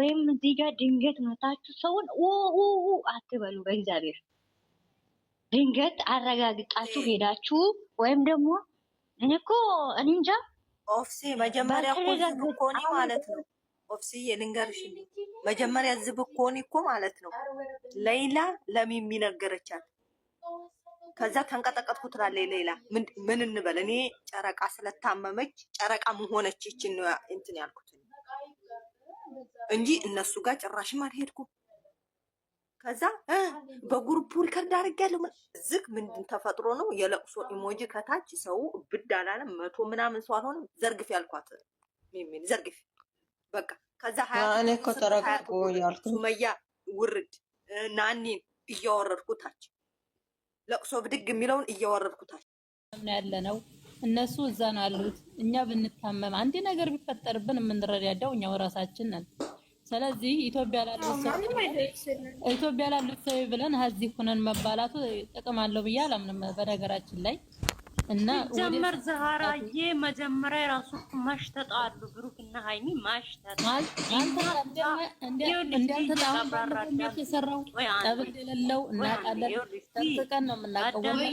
ወይም እዚህ ጋር ድንገት መታችሁ ሰውን አትበሉ። በእግዚአብሔር ድንገት አረጋግጣችሁ ሄዳችሁ ወይም ደግሞ እኔ እኮ እኔ እንጃ ኦፍሲ መጀመሪያ ኮኒ ማለት ነው። ኦፍሲ የልንገርሽ መጀመሪያ ዝብኮኒ እኮ ማለት ነው። ሌላ ለሚሚ ነገረቻት። ከዛ ተንቀጠቀጥኩ ትላለች ሌላ ምን እንበል እኔ ጨረቃ ስለታመመች ጨረቃ መሆነች ይችን እንትን ያልኩት እንጂ እነሱ ጋር ጭራሽም አልሄድኩም። ከዛ በጉሩፕ ሪከርድ አድርጌያለሁ። ዝግ ምንድን ተፈጥሮ ነው የለቅሶ ኢሞጂ ከታች ሰው ብድ አላለም። መቶ ምናምን ሰው አልሆነም። ዘርግፍ ያልኳት ሚሚን ዘርግፍ በቃ። ከዛ ሀያ ተረጋጉ ሱመያ ውርድ ናኒን እያወረድኩ ታች ለቅሶ ብድግ የሚለውን እያወረድኩ እያወረድኩታች ያለ ነው። እነሱ እዛ ነው ያሉት። እኛ ብንታመም አንድ ነገር ቢፈጠርብን የምንረዳዳው እኛው ራሳችን ነን። ስለዚህ ኢትዮጵያ ላሉት ሰው ብለን እዚህ ሁነን መባላቱ ጥቅም አለው ብዬ አላምንም። በነገራችን ላይ እና ጀመር ዘሃራዬ መጀመሪያ የራሱ ማሽተጣ አሉ ብሩክና ሃይሚ ማሽተጣ የሰራው ጠብ እንደሌለው እናውቃለን። ጠብቀን ነው የምናውቀው።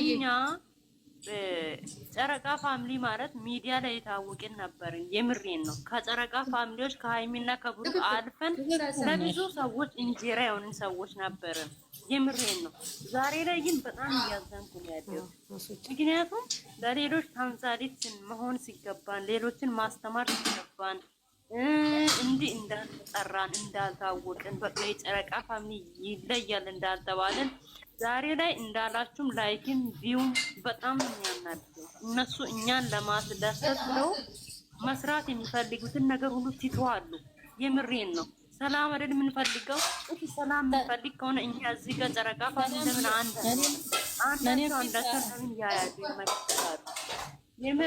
እኛ ጨረቃ ፋሚሊ ማለት ሚዲያ ላይ የታወቅን ነበርን። የምሬን ነው። ከጨረቃ ፋሚሊዎች ከሀይሚና ከብሩክ አልፈን ለብዙ ሰዎች እንጀራ የሆንን ሰዎች ነበርን። የምሬን ነው። ዛሬ ላይ ግን በጣም እያዘንኩ ነው ያለው። ምክንያቱም ለሌሎች ተምሳሌት መሆን ሲገባን፣ ሌሎችን ማስተማር ሲገባን እንዲህ እንዳልተጠራን እንዳልታወቅን በቃ የጨረቃ ፋሚሊ ይለያል እንዳልተባለን ዛሬ ላይ እንዳላችሁም ላይክም ቪውም በጣም የሚያናድደው እነሱ እኛን ለማስደሰት ነው። መስራት የሚፈልጉትን ነገር ሁሉ ትተዋሉ። የምሬን ነው። ሰላም አይደል የምንፈልገው? እሺ ሰላም የምንፈልግ ከሆነ እኛ እዚህ ጋር ጨረቃ ፋሲል አንድ አንዳቸው አንዳቸው ለምን ያያሉ ይመጣሉ?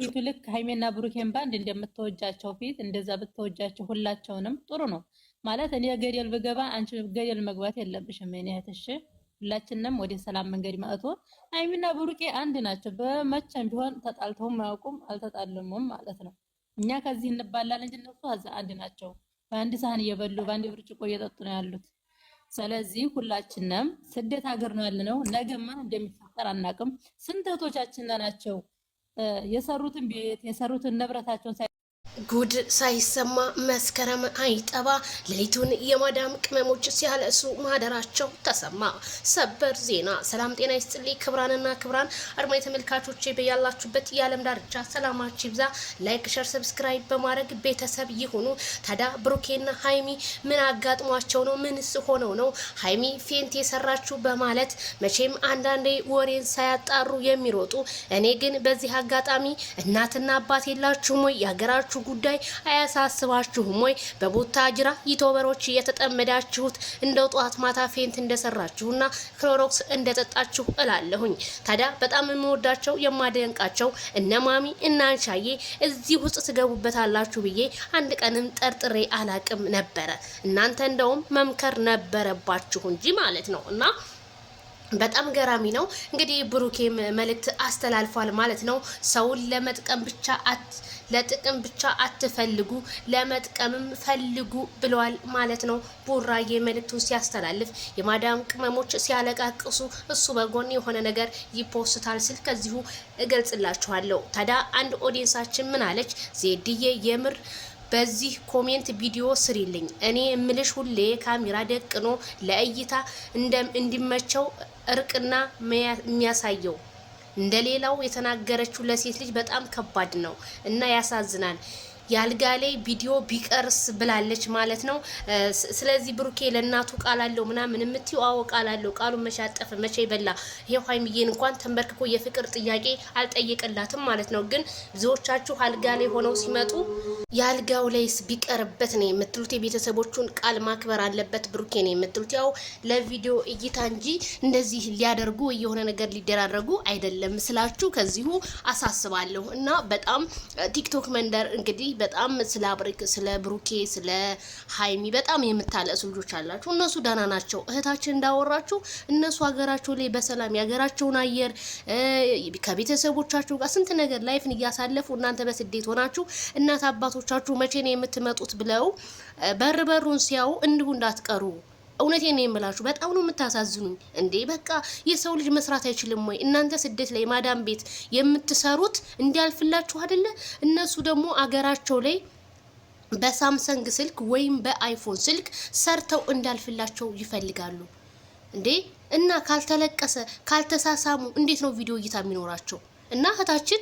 ፊቱ ልክ ሀይሜና ብሩኬን ባንድ እንደምትወጃቸው ፊት እንደዛ ብትወጃቸው ሁላቸውንም ጥሩ ነው። ማለት እኔ ገደል ብገባ አንቺ ገደል መግባት የለብሽም። እኔ እህትሽ ሁላችንም ወደ ሰላም መንገድ ማእቶ አይሚና ብሩቄ አንድ ናቸው። በመቼም ቢሆን ተጣልተውም አያውቁም፣ አልተጣልሙም ማለት ነው። እኛ ከዚህ እንባላለን እንጂ እነሱ አንድ ናቸው። በአንድ ሳህን እየበሉ በአንድ ብርጭቆ እየጠጡ ነው ያሉት። ስለዚህ ሁላችንም ስደት ሀገር ነው ያለነው። ነገ ማን እንደሚፈጠር አናውቅም። ስንተቶቻችን ናቸው የሰሩትን ቤት የሰሩትን ንብረታቸውን ጉድ ሳይሰማ መስከረም አይጠባ። ሌሊቱን የማዳም ቅመሞች ሲያለሱ ማደራቸው ተሰማ። ሰበር ዜና። ሰላም ጤና ይስጥልኝ። ክብራንና ክብራን አድማጭ ተመልካቾቼ በያላችሁበት የዓለም ዳርቻ ሰላማችሁ ይብዛ። ላይክ፣ ሸር፣ ሰብስክራይብ በማድረግ ቤተሰብ ይሁኑ። ታዲያ ብሩኬና ሀይሚ ምን አጋጥሟቸው ነው? ምንስ ሆነው ነው ሀይሚ ፌንት የሰራችሁ በማለት መቼም አንዳንዴ ወሬን ሳያጣሩ የሚሮጡ እኔ ግን በዚህ አጋጣሚ እናትና አባት የላችሁም ወይ ያገራችሁ ጉዳይ አያሳስባችሁም ወይ? ጅራ ይቶበሮች እየተጠመዳችሁት እንደው ጠዋት ማታ ፌንት እንደሰራችሁና ክሎሮክስ እንደጠጣችሁ እላለሁኝ። ታዲያ በጣም የምወዳቸው የማደንቃቸው እነ ማሚ እና አንሻዬ እዚህ ውስጥ ትገቡበታላችሁ ብዬ አንድ ቀንም ጠርጥሬ አላቅም ነበረ። እናንተ እንደውም መምከር ነበረባችሁ እንጂ ማለት ነው እና በጣም ገራሚ ነው እንግዲህ ብሩኬም መልእክት አስተላልፏል ማለት ነው። ሰውን ለመጥቀም ብቻ አት ለጥቅም ብቻ አትፈልጉ ለመጥቀምም ፈልጉ ብለዋል ማለት ነው። ቡራዬ መልእክቱን ሲያስተላልፍ የማዳም ቅመሞች ሲያለቃቅሱ እሱ በጎን የሆነ ነገር ይፖስታል ስል ከዚሁ እገልጽላችኋለሁ። ታዲያ አንድ ኦዲየንሳችን ምን አለች? ዜድዬ የምር በዚህ ኮሜንት ቪዲዮ ስሪልኝ እኔ እምልሽ ሁሌ ካሜራ ደቅኖ ለእይታ እንዲመቸው እርቅና የሚያሳየው እንደሌላው የተናገረችው ለሴት ልጅ በጣም ከባድ ነው እና ያሳዝናል። የአልጋ ላይ ቪዲዮ ቢቀርስ ብላለች ማለት ነው። ስለዚህ ብሩኬ ለእናቱ ቃል አለው ምናምን የምትይው አዎ ቃል አለው። ቃሉን መቼ መቼ በላ። ይሄው ሀይሚዬን እንኳን ተንበርክኮ የፍቅር ጥያቄ አልጠየቀላትም ማለት ነው። ግን ብዙዎቻችሁ አልጋ ላይ ሆነው ሲመጡ የአልጋው ላይስ ቢቀርበት ነው የምትሉት። የቤተሰቦቹን ቃል ማክበር አለበት ብሩኬ ነው የምትሉት። ያው ለቪዲዮ እይታ እንጂ እንደዚህ ሊያደርጉ የሆነ ነገር ሊደራረጉ አይደለም ስላችሁ ከዚሁ አሳስባለሁ እና በጣም ቲክቶክ መንደር እንግዲህ በጣም ስለ አብሬክ፣ ስለ ብሩኬ፣ ስለ ሀይሚ በጣም የምታለቅሱ ልጆች አላችሁ። እነሱ ደህና ናቸው። እህታችን እንዳወራችሁ እነሱ ሀገራቸው ላይ በሰላም የሀገራቸውን አየር ከቤተሰቦቻቸው ጋር ስንት ነገር ላይፍን እያሳለፉ እናንተ በስደት ሆናችሁ እናት አባቶቻችሁ መቼ ነው የምትመጡት ብለው በር በሩን ሲያዩ እንዲሁ እንዳትቀሩ እውነቴ ነ የምላችሁ በጣም ነው የምታሳዝኑኝ። እንዴ በቃ የሰው ልጅ መስራት አይችልም ወይ? እናንተ ስደት ላይ ማዳም ቤት የምትሰሩት እንዲያልፍላችሁ አይደለ? እነሱ ደግሞ አገራቸው ላይ በሳምሰንግ ስልክ ወይም በአይፎን ስልክ ሰርተው እንዳልፍላቸው ይፈልጋሉ። እንዴ እና ካልተለቀሰ ካልተሳሳሙ እንዴት ነው ቪዲዮ እይታ የሚኖራቸው? እና እህታችን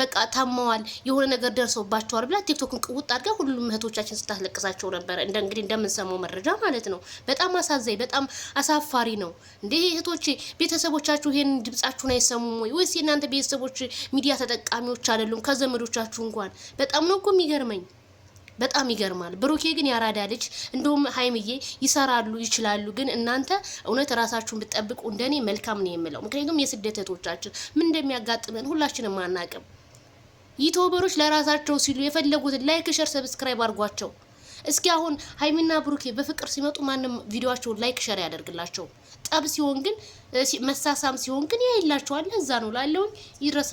በቃ ታመዋል፣ የሆነ ነገር ደርሶባቸዋል ብላ ቲክቶክን ቅውጥ አድርጋ ሁሉም እህቶቻችን ስታስለቅሳቸው ነበረ። እንደ እንግዲህ እንደምንሰማው መረጃ ማለት ነው። በጣም አሳዛኝ፣ በጣም አሳፋሪ ነው። እንዲህ እህቶች ቤተሰቦቻችሁ ይሄን ድምጻችሁን አይሰሙም ወይ? ወይስ የእናንተ ቤተሰቦች ሚዲያ ተጠቃሚዎች አይደሉም? ከዘመዶቻችሁ እንኳን በጣም ነው እኮ የሚገርመኝ። በጣም ይገርማል። ብሩኬ ግን ያራዳ ልጅ እንደውም ሀይምዬ ይሰራሉ ይችላሉ። ግን እናንተ እውነት ራሳችሁን ብትጠብቁ እንደኔ መልካም ነው የምለው። ምክንያቱም የስደት እህቶቻችን ምን እንደሚያጋጥመን ሁላችንም አናቅም። ዩቲዩበሮች ለራሳቸው ሲሉ የፈለጉትን ላይክ፣ ሸር፣ ሰብስክራይብ አድርጓቸው። እስኪ አሁን ሀይሚና ብሩኬ በፍቅር ሲመጡ ማንም ቪዲዮቸውን ላይክ ሸር ያደርግላቸው። ጠብ ሲሆን ግን መሳሳም ሲሆን ግን ያይላቸዋል። እዛ ነው ላለውኝ ይድረስ